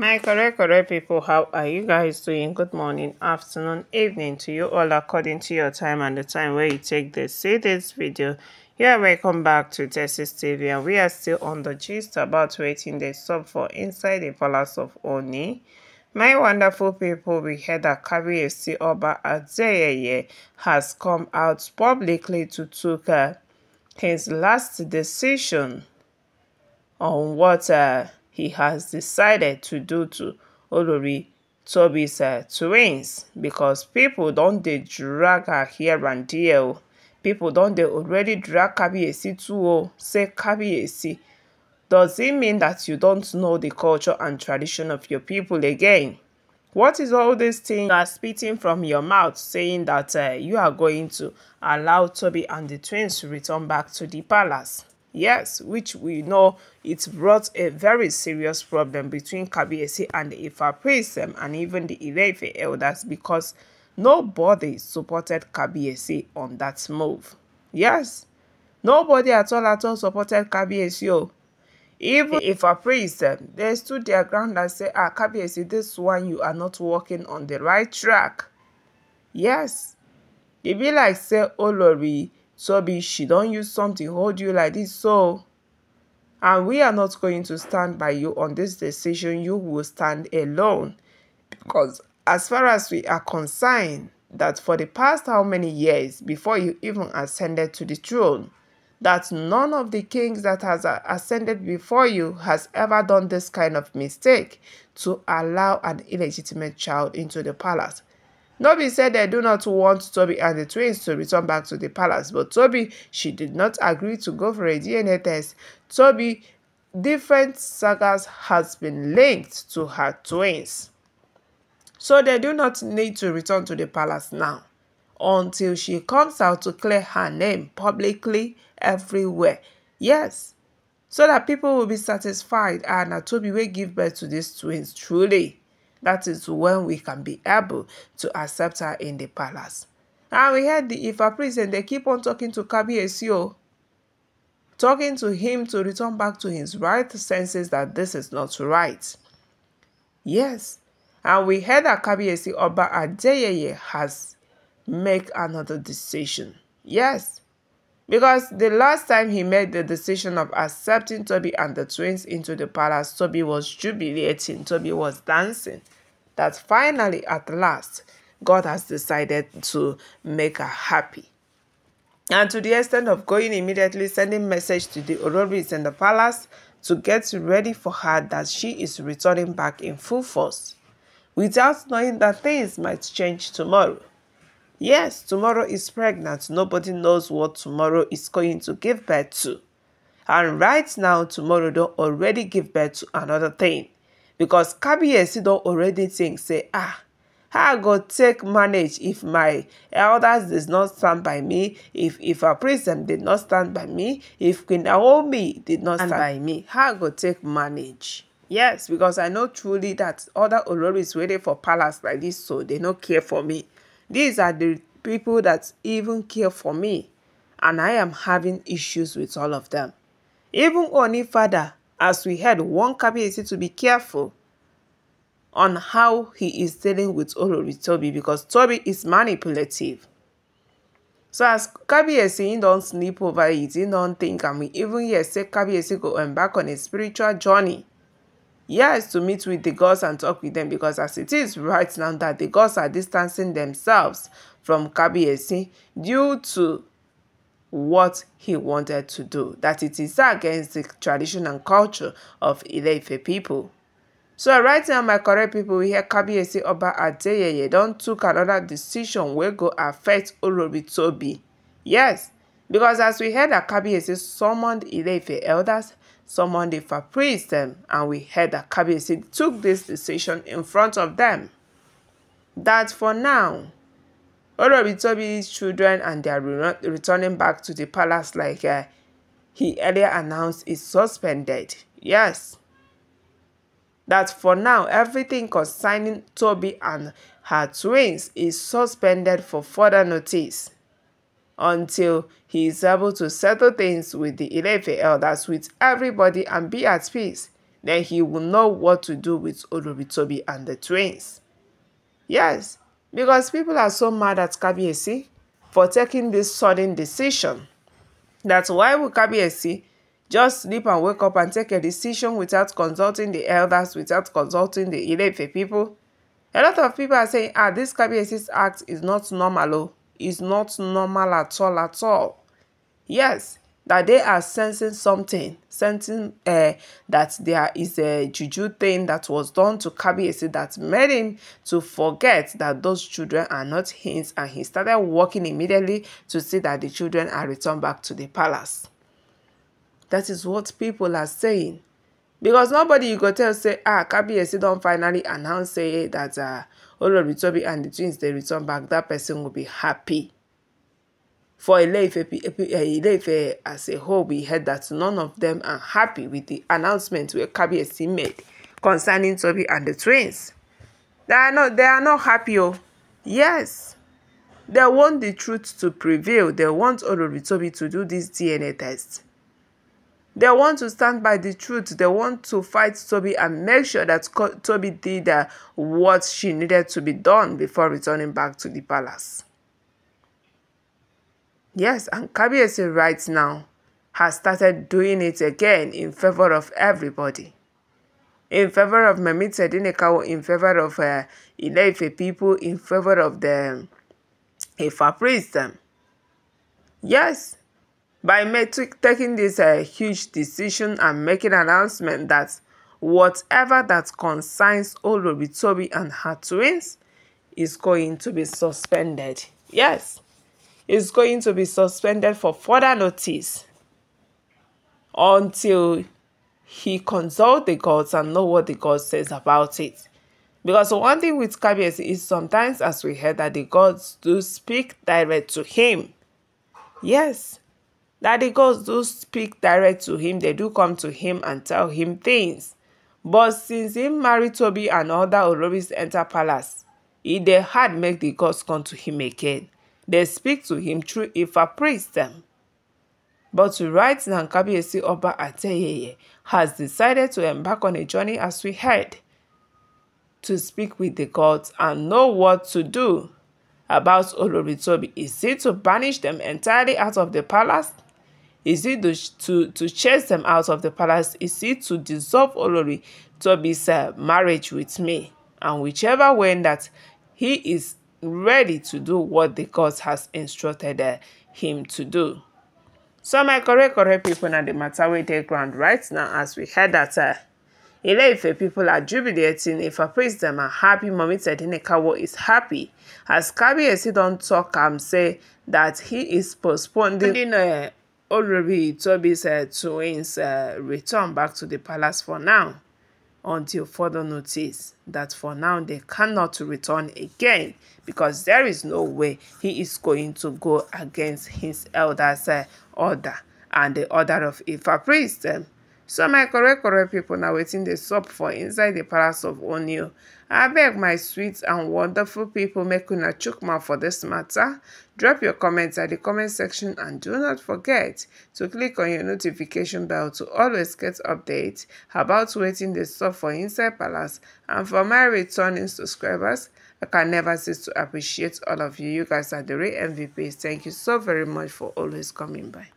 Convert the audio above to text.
my correct correct people how are you guys doing good morning afternoon evening to you all according to your time and the time where you take this see this video yeah welcome back to texas tv and we are still on the gist about waiting the sub for inside the palace of oni my wonderful people, we heard that Kari FC Oba Adeyeye has come out publicly to take uh, his last decision on what uh, he has decided to do to Olori Toby's uh, twins because people don't they drag her here and there. People don't they already drag Kabiesi too. say Kabiesi. Does it mean that you don't know the culture and tradition of your people again? What is all this thing that are spitting from your mouth saying that uh, you are going to allow Toby and the twins to return back to the palace? Yes, which we know it brought a very serious problem between Kabiesi and the Ifa priests and even the Ileife elders because nobody supported Kabiesi on that move. Yes, nobody at all at all supported Kabiesi. Oh. Even if a priest, they stood their ground and said, Ah, Kabiesi, this one, you are not walking on the right track. Yes, they be like, say, Olori. Oh, So be she don't use something hold you like this, so... And we are not going to stand by you on this decision. You will stand alone. Because as far as we are concerned, that for the past how many years, before you even ascended to the throne, that none of the kings that has ascended before you has ever done this kind of mistake to allow an illegitimate child into the palace. Nobby said they do not want Toby and the twins to return back to the palace, but Toby, she did not agree to go for a DNA test. Toby, different sagas has been linked to her twins. So they do not need to return to the palace now until she comes out to clear her name publicly everywhere. Yes, so that people will be satisfied and Toby will give birth to these twins truly. That is when we can be able to accept her in the palace. And we heard the Ifa priest and they keep on talking to Kabi Kabiyesi, oh. talking to him to return back to his right senses that this is not right. Yes, and we heard that Kabi Kabiyesi Oba Adeyeye has make another decision. Yes, Because the last time he made the decision of accepting Toby and the twins into the palace, Toby was jubilating, Toby was dancing. That finally, at last, God has decided to make her happy. And to the extent of going immediately sending message to the Ororis in the palace to get ready for her that she is returning back in full force, without knowing that things might change tomorrow. Yes, tomorrow is pregnant. Nobody knows what tomorrow is going to give birth to. And right now, tomorrow don't already give birth to another thing. Because KBS don't already think, say, ah, I go take manage if my elders does not stand by me, if if a priest did not stand by me, if Queen Naomi did not stand by me, I go take manage. Yes, because I know truly that other Orori is waiting for palace like this, so they don't care for me. These are the people that even care for me, and I am having issues with all of them. Even only Father, as we had one Kabiyesi to be careful on how he is dealing with Olori Toby because Toby is manipulative. So as Kabiyesi he don't sleep over it, he don't think, I mean, even yes, say Kabiyesi go embark on a spiritual journey Yes, to meet with the gods and talk with them because as it is right now that the gods are distancing themselves from Kabiyesi due to what he wanted to do, that it is against the tradition and culture of Ilefe people. So right now, my correct people, we hear Kabiyesi Oba Adeyeye don took another decision wey go affect Olori Tobi. Yes, because as we heard that Kabiyesi summoned Ilefe elders Someone Monday, Faith them, and we heard that KBC took this decision in front of them. That for now, all of Orobitobi's children and their returning back to the palace like uh, he earlier announced is suspended. Yes. That for now, everything concerning Toby and her twins is suspended for further notice until he is able to settle things with the eleven elders, with everybody, and be at peace. Then he will know what to do with Oloritobi and the twins. Yes, because people are so mad at Kabiesi for taking this sudden decision. That's why will Kabiesi just sleep and wake up and take a decision without consulting the elders, without consulting the Ilefe people? A lot of people are saying, ah, this Kabiesis act is not normal. Oh. is not normal at all at all. Yes, that they are sensing something, sensing uh, that there is a juju thing that was done to Kabiesi that made him to forget that those children are not his and he started walking immediately to see that the children are returned back to the palace. That is what people are saying. Because nobody you go tell say, ah, Kabiesi don't finally announce say that uh, Olori Toby and the twins, they return back, that person will be happy. For Ileife, Ileife eh, as a whole, we heard that none of them are happy with the announcement where Kabiyesi made concerning Toby and the twins. They are not, they are not happy. Oh. Yes. They want the truth to prevail. They want Olori Toby to do this DNA test. They want to stand by the truth. They want to fight Toby and make sure that Toby did uh, what she needed to be done before returning back to the palace. Yes, and Kabiese right now has started doing it again in favor of everybody. In favor of Mamit Sedinekawo, in favor of uh, people, in favor of the um, Ifa priest. Um. Yes, by taking this uh, huge decision and making announcement that whatever that concerns Olori Toby and her twins is going to be suspended. Yes, is going to be suspended for further notice until he consult the gods and know what the gods says about it. Because one thing with Kabies is sometimes, as we heard, that the gods do speak direct to him. Yes, that the ghosts do speak direct to him, they do come to him and tell him things. But since him marry Toby and other Orobis enter palace, it they hard make the gods come to him again. They speak to him through Ifa priest them. But to write Nankabiesi Oba Ateyeye has decided to embark on a journey as we heard to speak with the gods and know what to do about Oloritobi. Is it to banish them entirely out of the palace is it to, to chase them out of the palace? Is it to dissolve Olori Tobi's uh, marriage with me? And whichever way that he is ready to do what the God has instructed uh, him to do. So my correct, correct people now the matter wey take ground right now as we heard that uh, Ile-Ife people are jubilating. If a priest them are happy, a Tedinekawo is happy. As don't talk am say that he is postponing uh, Olori Toby's uh, twins uh, return back to the palace for now until further notice that for now they cannot return again because there is no way he is going to go against his elder's uh, order and the order of Ifa priest. Um, so my correct correct people now waiting the sup for inside the palace of onio I beg my sweet and wonderful people, make una chook mouth for this matter. drop your comments at the comment section and do not forget to click on your notification bell to always get updates about waiting the sup for inside palace and for my returning subscribers I can never cease to appreciate all of you. You guys are the real MVPs. Thank you so very much for always coming by.